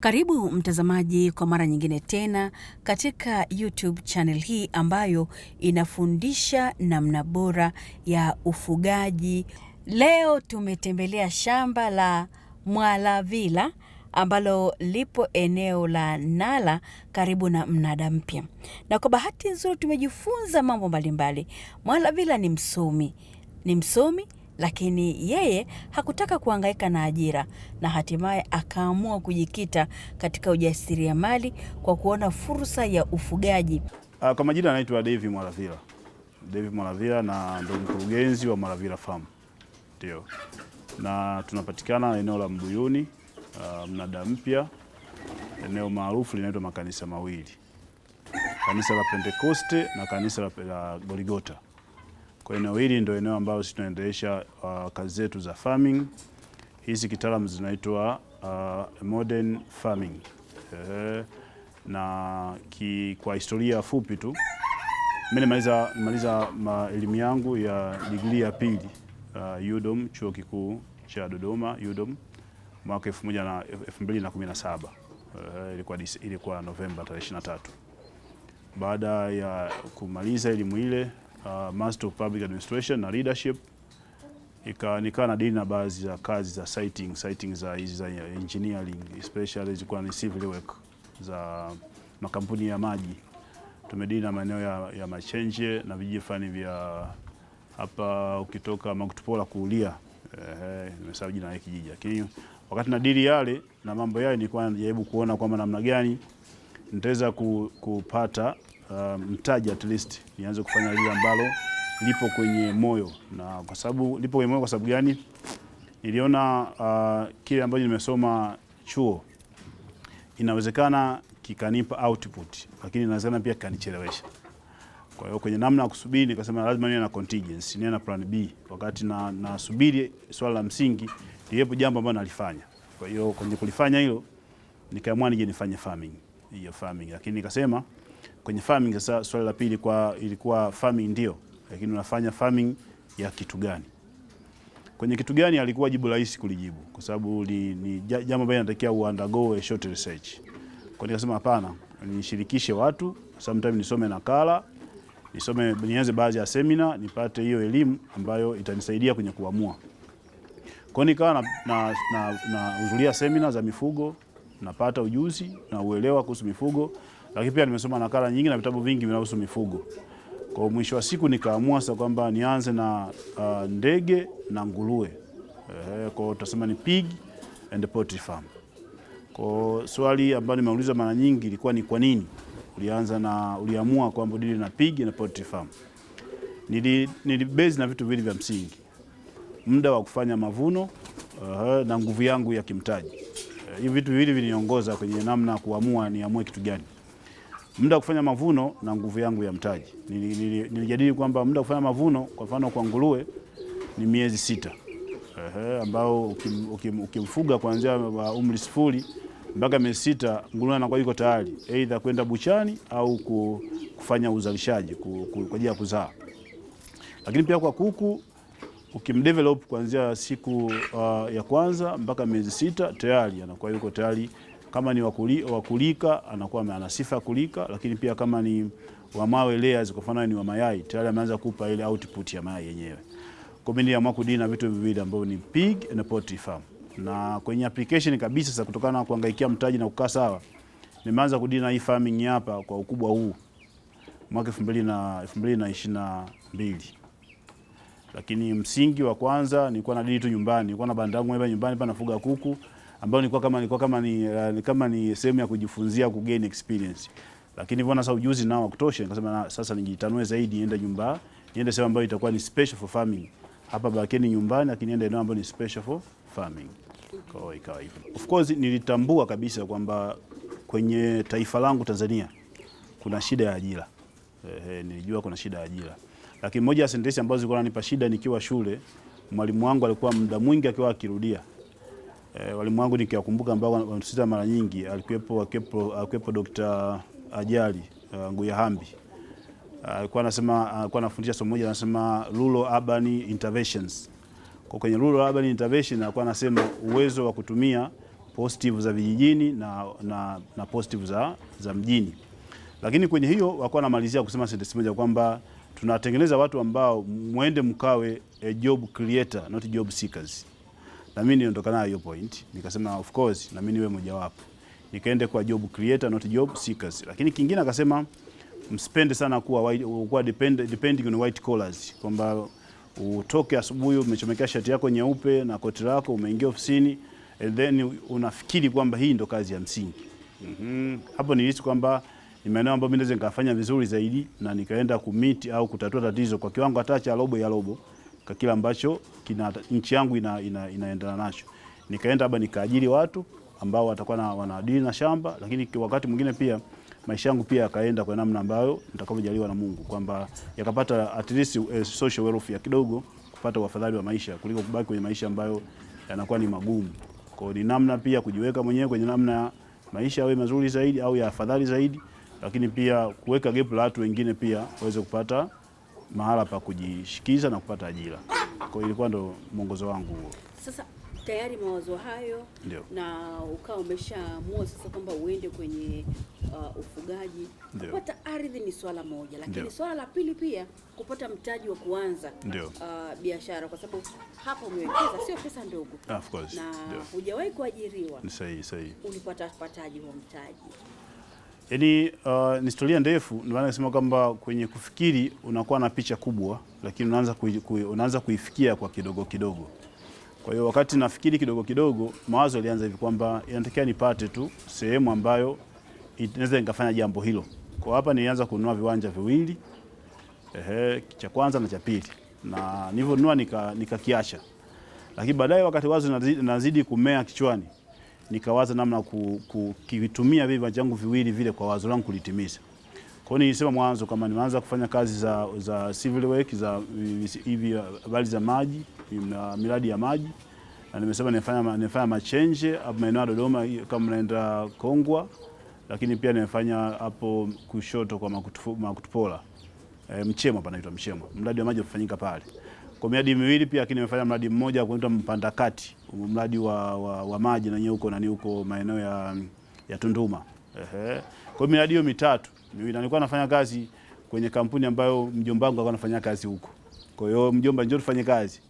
Karibu mtazamaji kwa mara nyingine tena katika YouTube channel hii ambayo inafundisha namna bora ya ufugaji. Leo tumetembelea shamba la Mwalavila ambalo lipo eneo la Nala karibu na mnada mpya, na kwa bahati nzuri tumejifunza mambo mbalimbali. Mwalavila ni msomi, ni msomi lakini yeye hakutaka kuhangaika na ajira na hatimaye akaamua kujikita katika ujasiriamali kwa kuona fursa ya ufugaji. Ah, kwa majina anaitwa Devi mwaravila Devi mwaravila na ndo mkurugenzi wa mwaravila Farm. Ndio. Na tunapatikana eneo la Mbuyuni, uh, mnada mpya, eneo maarufu linaitwa makanisa mawili, kanisa la Pentekoste na kanisa la Goligota. Kwa eneo hili ndio eneo ambalo sisi tunaendesha uh, kazi zetu za farming. Hizi kitaalamu zinaitwa uh, modern farming uh, Na ki, kwa historia fupi tu mimi nimaliza nimaliza elimu yangu ya digrii ya pili uh, UDOM chuo kikuu cha Dodoma UDOM mwaka 2017 uh, ilikuwa, ilikuwa Novemba tarehe 23. Baada ya kumaliza elimu ile uh, Master of Public Administration na Leadership nikawa na dili na baadhi za kazi za siting, siting za hizi za engineering especially zilikuwa ni civil work za makampuni ya maji. Tumedili na maeneo ya, ya Machenje na vijiji fulani vya hapa ukitoka Makutupola kuulia eh, nimesahau jina la kijiji, lakini wakati na dili yale na mambo yale nilikuwa najaribu kuona kwamba namna gani nitaweza kupata uh, mtaji at least nianze kufanya lile ambalo lipo kwenye moyo, na kwa sababu lipo kwenye moyo. Kwa sababu gani? Niliona uh, kile ambacho nimesoma chuo inawezekana kikanipa output, lakini inawezekana pia kanichelewesha. Kwa hiyo kwenye namna ya kusubiri nikasema lazima niwe na contingency, niwe na plan B wakati na nasubiri swala la msingi liwepo jambo ambalo nalifanya. Kwa hiyo kwenye kulifanya hilo nikaamua nije nifanye farming, hiyo farming, lakini nikasema Kwenye farming sasa, swali la pili kwa ilikuwa farming ndio, lakini unafanya farming ya kitu gani? Kwenye kitu gani alikuwa jibu rahisi kulijibu, kwa sababu ni jambo ambalo inatakiwa uundergo a short research. Kwa nikasema hapana, nishirikishe watu, sometimes nisome nakala, nisome nianze baadhi ya semina, nipate hiyo elimu ambayo itanisaidia kwenye kuamua. Kwa nikawa na na, na, na, na, semina za mifugo, napata ujuzi na uelewa kuhusu mifugo lakini pia nimesoma nakala nyingi na vitabu vingi vinahusu mifugo. Kwa mwisho wa siku nikaamua sasa kwamba nianze na uh, ndege na nguruwe. Eh, kwa tutasema ni pig and poultry farm. Kwa swali ambalo nimeuliza mara nyingi ilikuwa ni kwa nini ulianza na uliamua kwamba dili na pig na poultry farm. Nili, nili base na vitu vile vya msingi. Muda wa kufanya mavuno uh, na nguvu yangu ya kimtaji. Eh, hivi uh, vitu viwili viniongoza kwenye namna kuamua niamue kitu gani muda wa kufanya mavuno na nguvu yangu ya mtaji. Nilijadili kwamba muda wa kufanya mavuno kwa mfano kwa nguruwe ni miezi sita, ehe, ambao ukim, ukim, ukimfuga kuanzia umri sifuri mpaka miezi sita, nguruwe anakuwa yuko tayari aidha kwenda buchani au kufanya uzalishaji kwa ajili ya kuzaa. Lakini pia kwa kuku ukimdevelop kuanzia siku uh, ya kwanza mpaka miezi sita tayari anakuwa yuko tayari kama ni wakulika anakuwa ana sifa ya kulika, lakini pia kama ni wa mawe layers kwa mfano ni wa mayai tayari ameanza kupa ile output ya mayai yenyewe. Kwa mimi ya mwaku dini na vitu viwili ambavyo ni pig na poultry farm. Na kwenye application kabisa sasa, kutokana na kuhangaikia mtaji na kukaa sawa, nimeanza kudina hii farming hapa kwa ukubwa huu mwaka 2022. Lakini msingi wa kwanza nilikuwa na dili tu nyumbani, nilikuwa na banda langu nyumbani, pa nafuga kuku ambayo nilikuwa kama nilikuwa kama ni uh, kama ni sehemu ya kujifunzia ku gain experience, lakini hivyo sasa ujuzi nao kutosha, nikasema ah, sasa nijitanue zaidi, niende nyumba, niende sehemu ambayo itakuwa ni special for farming hapa Bakeni nyumbani, lakini niende eneo ambayo ni special for farming. Kwa ikawa hivyo, of course nilitambua kabisa kwamba kwenye taifa langu Tanzania kuna shida ya ajira. Ehe, nilijua kuna shida ya ajira, lakini moja ya sentensi ambazo zilikuwa zinanipa shida nikiwa shule, mwalimu wangu alikuwa muda mwingi akiwa akirudia E, walimu wangu nikiwakumbuka ambao wanatusita mara nyingi, alikuwepo alikuwepo Dr. Ajali uh, Hambi eh, alikuwa anasema alikuwa anafundisha somo moja anasema rural urban interventions. Kwa kwenye rural urban intervention alikuwa anasema uwezo wa kutumia positive za vijijini na, na, na positive za, za mjini, lakini kwenye hiyo wakuwa anamalizia kusema sentensi moja kwamba tunatengeneza watu ambao mwende mkawe a job creator not job seekers na mimi niondokana hiyo point, nikasema of course na mimi niwe mojawapo, nikaende kwa job creator not job seekers. Lakini kingine akasema msipende sana kuwa white, kuwa depend, depending on white collars kwamba utoke asubuhi umechomekea shati yako nyeupe na koti lako umeingia ofisini and then unafikiri kwamba hii ndo kazi ya msingi. Mm Hapo nilihisi kwamba ni maeneo ambayo mimi naweza nikafanya vizuri zaidi na nikaenda kumiti au kutatua tatizo kwa kiwango hata cha robo ya robo kwa kile ambacho kina nchi yangu ina, ina, inaendana nacho. Nikaenda hapa nikaajiri watu ambao watakuwa na wanadili na shamba, lakini wakati mwingine pia maisha yangu pia yakaenda kwa namna ambayo nitakavyojaliwa na Mungu kwamba yakapata at least uh, social welfare kidogo, kupata wafadhali wa maisha kuliko kubaki kwenye maisha ambayo yanakuwa ni magumu. Kwa hiyo ni namna pia kujiweka mwenyewe kwenye namna ya maisha yawe mazuri zaidi au ya afadhali zaidi, lakini pia kuweka gap la watu wengine pia waweze kupata mahala pa kujishikiza na kupata ajira. Kwa hiyo ilikuwa ndo mwongozo wangu huo. Sasa tayari mawazo hayo Ndiyo. na ukawa umeshaamua sasa kwamba uende kwenye uh, ufugaji. Kupata ardhi ni swala moja, lakini swala la pili pia kupata mtaji wa kuanza uh, biashara, kwa sababu hapo umewekeza sio pesa ndogo, of course, na hujawahi kuajiriwa. Ni sahihi sahihi. Ulipata pataji wa mtaji Yaani uh, ni historia ndefu, ndio maana nasema kwamba kwenye kufikiri unakuwa na picha kubwa, lakini unaanza kui, kui, unaanza kuifikia kwa kidogo kidogo. Kwa hiyo wakati nafikiri kidogo kidogo, mawazo yalianza hivi kwamba inatakiwa nipate tu sehemu ambayo inaweza nikafanya jambo hilo. Kwa hapa nilianza kununua viwanja viwili, ehe, cha kwanza na cha pili, na nilivyonunua nikakiacha nika, lakini baadaye wakati wazo nazidi kumea kichwani nikawaza namna kukitumia viwanja vyangu viwili vile kwa wazo langu kulitimiza. Kwa hiyo nilisema mwanzo kama nimeanza kufanya kazi za, za civil work za hivi habari za maji na miradi ya maji na nimesema nimefanya nimefanya machenje hapo maeneo ya Dodoma kama naenda Kongwa, lakini pia nimefanya hapo kushoto kwa Makutupola e, eh, Mchemo panaitwa Mchemo, mradi wa maji ufanyika pale kwa miradi miwili pia, lakini amefanya mradi mmoja Mpanda Kati, mradi wa, wa, wa maji na huko na huko maeneo ya, ya Tunduma. Ehe. Kwa miradi hiyo mitatu miwili, nilikuwa nafanya kazi kwenye kampuni ambayo mjomba wangu alikuwa anafanya kazi huko. Kwa hiyo mjomba, njoo tufanye kazi,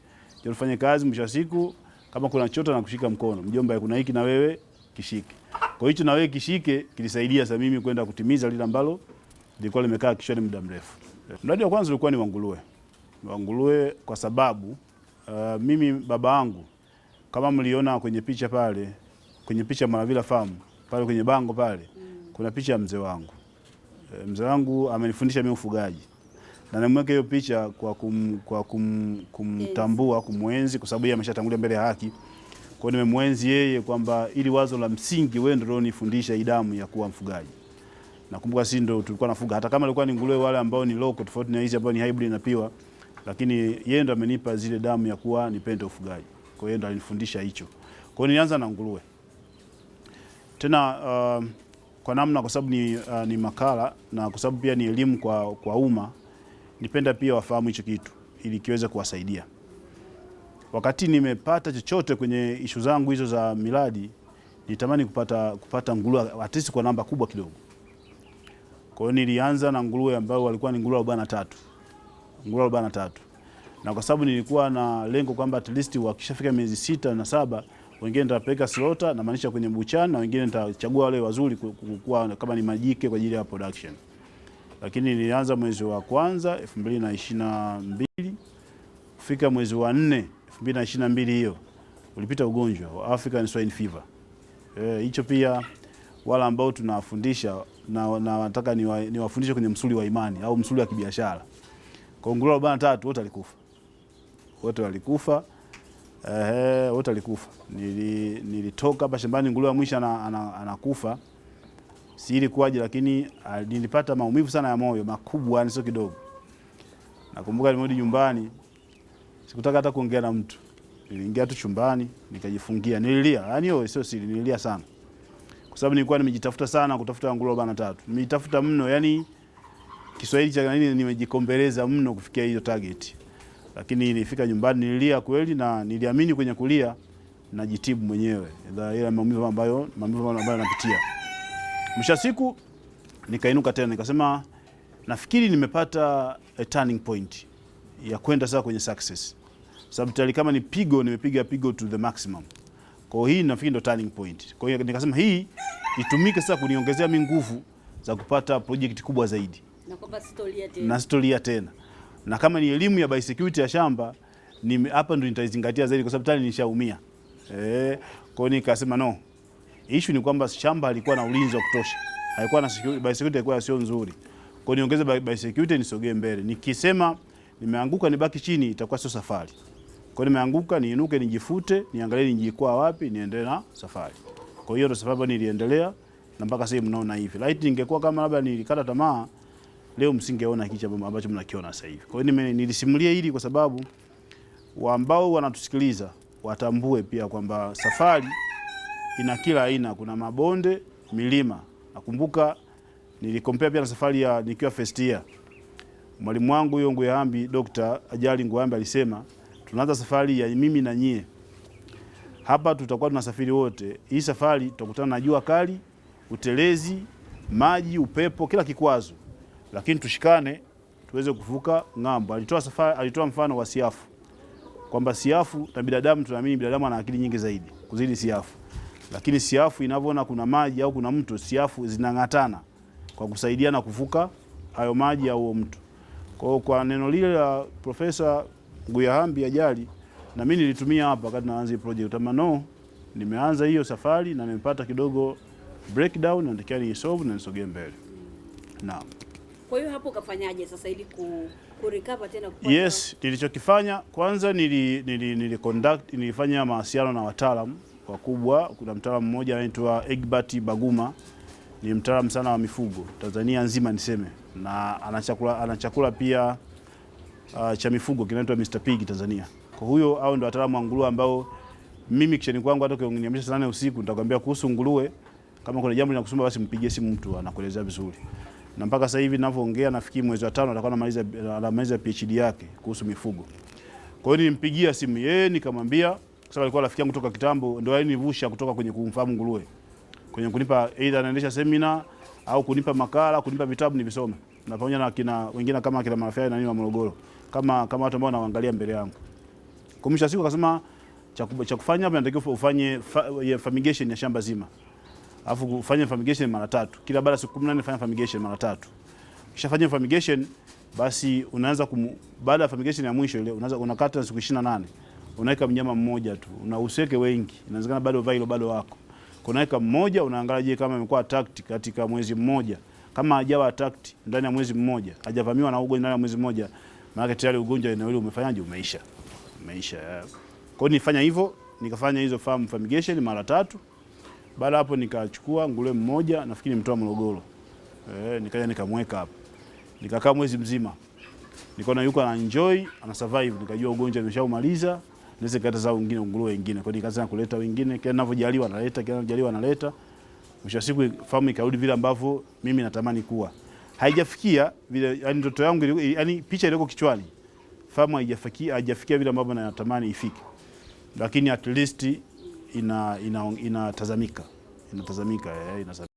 njoo tufanye kazi, mwisho siku kama kuna chota na kushika mkono mjomba, kuna hiki na wewe kishike. Kwa hiyo hicho na wewe kishike kilisaidia sasa mimi kwenda kutimiza lile ambalo lilikuwa limekaa kichwani muda mrefu. Mradi wa kwanza ulikuwa ni wa nguruwe wa nguruwe kwa sababu uh, mimi baba yangu kama mliona kwenye picha pale kwenye picha Maravila Farm pale kwenye bango pale mm. kuna picha ya mzee wangu. E, mzee wangu amenifundisha mimi ufugaji na nimweke hiyo picha kwa, kum, kwa kum, kumtambua kumwenzi kwa sababu yeye ameshatangulia mbele ya haki. Kwa hiyo nimemwenzi yeye kwamba ili wazo la msingi, wewe ndio unifundisha idamu ya kuwa mfugaji. Nakumbuka sisi ndio tulikuwa nafuga hata kama ilikuwa ni nguruwe wale ambao ni loko tofauti na hizi ambao ni hybrid na piwa lakini yeye ndo amenipa zile damu ya kuwa nipende ufugaji. Kwa hiyo ndo alinifundisha hicho. Kwa hiyo nilianza na nguruwe tena uh, kwa namna kwa sababu ni, uh, ni makala na kwa sababu pia ni elimu kwa, kwa umma, nipenda pia wafahamu hicho kitu ili kiweze kuwasaidia. Wakati nimepata chochote kwenye ishu zangu hizo za miradi, nitamani kupata, kupata nguruwe hatisi kwa namba kubwa kidogo. Kwa hiyo nilianza na nguruwe ambao walikuwa ni nguruwe arobaini na tatu nguru arobaini na tatu na kwa sababu nilikuwa na lengo kwamba at least wakishafika miezi sita na saba wengine nitawapeleka slota na maanisha kwenye buchani na wengine nitachagua wale wazuri kukua, kama ni majike kwa ajili ya production. Lakini nilianza mwezi wa kwanza 2022 kufika mwezi wa 4 2022, hiyo ulipita ugonjwa wa African Swine Fever. Eh, Hicho pia wala ambao tunawafundisha na nataka niwafundishe ni kwenye msuli wa imani au msuli wa kibiashara Kongolo arobaini na tatu wote walikufa, wote walikufa, ehe, wote walikufa. Nili, nilitoka hapa shambani, nguruwe ya mwisho anakufa, si ilikuwaje, lakini ah, nilipata maumivu sana ya moyo makubwa, sio kidogo. Nakumbuka nimerudi nyumbani, sikutaka hata kuongea na mtu, niliingia tu chumbani nikajifungia, nililia, yani hiyo sio siri, nililia sana kwa sababu nilikuwa nimejitafuta sana kutafuta nguruwe arobaini na tatu, nimejitafuta mno yani Kiswahili cha nini, nimejikombeleza mno kufikia hiyo target, lakini nilifika nyumbani nililia kweli, na niliamini kwenye kulia najitibu mwenyewe ile maumivu ambayo maumivu ambayo napitia. Mwisho siku nikainuka tena nikasema, nafikiri nimepata a turning point ya kwenda sasa kwenye success, sababu tayari kama ni pigo nimepiga pigo to the maximum. Kwa hiyo hii nafikiri ndo turning point. Kwa hiyo nikasema hii itumike sasa kuniongezea mimi nguvu za kupata project kubwa zaidi na kwamba tena, na sitolia tena. Na kama ni elimu ya biosecurity ya shamba ni hapa ndo nitaizingatia zaidi kwa sababu tayari nishaumia eh. Kwa hiyo nikasema no, issue ni kwamba shamba alikuwa na ulinzi wa kutosha, haikuwa na security, biosecurity ilikuwa sio nzuri. Kwa hiyo niongeze biosecurity nisogee mbele, nikisema nimeanguka nibaki chini itakuwa sio safari. Kwa hiyo nimeanguka niinuke, nijifute, niangalie nijikwaa wapi, niendelee na safari. Kwa hiyo ndo sababu niliendelea na mpaka sasa mnaona hivi. Laiti ingekuwa kama labda nilikata tamaa leo msingeona hicho ambacho mnakiona sasa hivi. Kwa hiyo nilisimulia hili kwa sababu ambao wanatusikiliza watambue pia kwamba safari ina kila aina, kuna mabonde, milima. Nakumbuka nilikompea pia na safari ya nikiwa first year, mwalimu wangu huyo Nguyahambi, Dr. Ajali Nguyahambi alisema tunaanza safari ya mimi na nyie hapa tutakuwa tunasafiri wote. Hii safari tutakutana na jua kali, utelezi, maji, upepo, kila kikwazo lakini tushikane tuweze kuvuka ng'ambo. Alitoa safari, alitoa mfano wa siafu kwamba siafu na binadamu, tunaamini binadamu ana akili nyingi zaidi kuzidi siafu, lakini siafu inavyoona kuna maji au kuna mtu, siafu zinang'atana kwa kusaidiana kuvuka hayo maji au huo mtu. Kwa hiyo kwa neno lile la Profesa Nguyahambi Ajali na mimi nilitumia hapa wakati naanza hii project ama no, nimeanza hiyo safari na nimepata kidogo breakdown, natakiwa niisolve na nisogee mbele. Naam. Kwa hiyo hapo ukafanyaje sasa ili ku, ku recover tena kupata? Yes, nilichokifanya kwanza nili, nili, nili conduct, nilifanya mawasiliano na wataalamu wakubwa. Kuna mtaalamu mmoja anaitwa Egbert Baguma ni mtaalamu sana wa mifugo Tanzania nzima niseme, na ana chakula ana chakula pia uh, cha mifugo kinaitwa Mr Pig Tanzania. Kwa huyo au ndio wataalamu wa nguruwe ambao mimi kisheni kwangu hata ukionyamisha sana usiku nitakwambia kuhusu nguruwe. Kama kuna jambo linakusumbua, basi mpigie simu mtu anakuelezea vizuri na mpaka sasa hivi ninavyoongea nafikiri mwezi wa tano atakuwa anamaliza anamaliza PhD yake kuhusu mifugo. Kwa hiyo nilimpigia simu yeye nikamwambia, kwa sababu alikuwa rafiki yangu kutoka kitambo, ndio alinivusha kutoka kwenye kumfahamu nguruwe kwenye kunipa either anaendesha semina au kunipa makala, kunipa vitabu nivisome, na pamoja na kina wengine kama kina Mafia na nini wa Morogoro, kama kama watu ambao naangalia mbele yangu. Kwa siku akasema cha kufanya hapa, natakiwa ufanye fa, ya, fumigation ya shamba zima alafu ufanye fumigation mara tatu kila baada ya siku 18 fanya fumigation mara tatu. Ukishafanya fumigation basi unaanza kum... baada ya fumigation ya mwisho ile unaanza unakata siku 28, unaweka mnyama mmoja tu, useke wengi, inawezekana bado vile bado wako, unaweka mmoja, unaangalia je, kama imekuwa attacked katika mwezi mmoja, kama hajawa attacked ndani ya mwezi mmoja, hajavamiwa na ugonjwa ndani ya mwezi mmoja, maana tayari ugonjwa eneo hilo umefanyaje, umeisha, umeisha. Kwa hiyo nifanya hivyo, nikafanya hizo farm fumigation mara tatu. Baada hapo nikachukua ngule mmoja nafikiri mtoa Morogoro. Eh, nikaja nikamweka hapo. Nikakaa mwezi mzima. Nikaona yuko ana enjoy, ana survive, nikajua ugonjwa umeshaumaliza, Naweza kata za wengine nguruwe wengine. Kwa hiyo nikaanza kuleta wengine, kila ninavyojaliwa naleta, kila ninavyojaliwa naleta. Mwisho siku famu ikarudi vile ambavyo mimi natamani kuwa. Haijafikia vile, yani ndoto yangu, yani picha iliyoko kichwani. Famu haijafikia, haijafikia vile ambavyo natamani ifike. Lakini at least inatazamika ina ina inatazamika, eh, ina